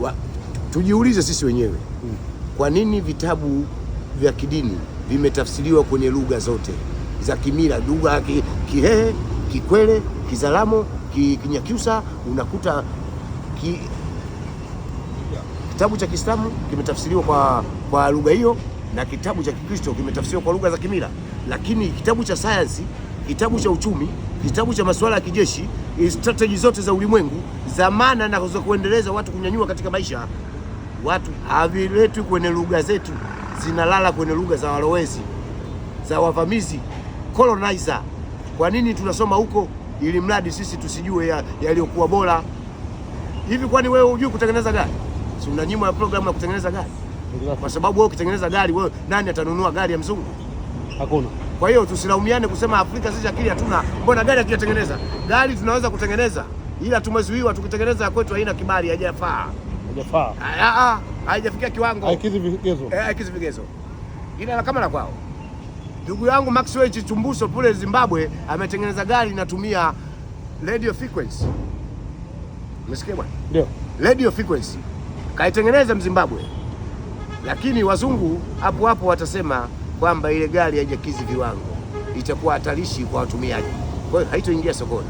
wa, tujiulize sisi wenyewe hmm. Kwa nini vitabu vya kidini vimetafsiriwa kwenye lugha zote za kimila, lugha Kihehe, ki Kikwele, Kizalamo, ki, Kinyakyusa unakuta ki, kitabu cha Kiislamu kimetafsiriwa kwa, kwa lugha hiyo na kitabu cha Kikristo kimetafsiriwa kwa lugha za kimila, lakini kitabu cha sayansi, kitabu cha uchumi kitabu cha masuala ya kijeshi, strategy zote za ulimwengu za maana na za kuendeleza watu kunyanyua katika maisha. Watu haviletwi kwenye lugha zetu, zinalala kwenye lugha za walowezi, za wavamizi, colonizer. Kwa nini tunasoma huko ili mradi sisi tusijue yaliyokuwa ya bora? Hivi kwani wewe hujui kutengeneza gari? Si unanyimwa programu ya kutengeneza gari? Kwa sababu wewe ukitengeneza gari, wewe nani atanunua gari ya mzungu? Hakuna. Kwa hiyo tusilaumiane kusema Afrika sisi akili hatuna, mbona gari hatujatengeneza. Gari tunaweza kutengeneza, ila tumezuiwa. Tukitengeneza kwetu haina kibali, haijafaa, haijafaa, haijafikia kiwango, haikizi vigezo, eh, haikizi vigezo, ila kama la kwao ndugu yangu Maxwell Chichumbuso pule Zimbabwe ametengeneza gari inatumia radio frequency. Umesikia bwana? Ndio. Radio frequency kaitengeneza Mzimbabwe, lakini wazungu hapo hapo watasema kwamba ile gari haijakizi viwango, itakuwa hatarishi kwa watumiaji, kwa hiyo haitoingia sokoni.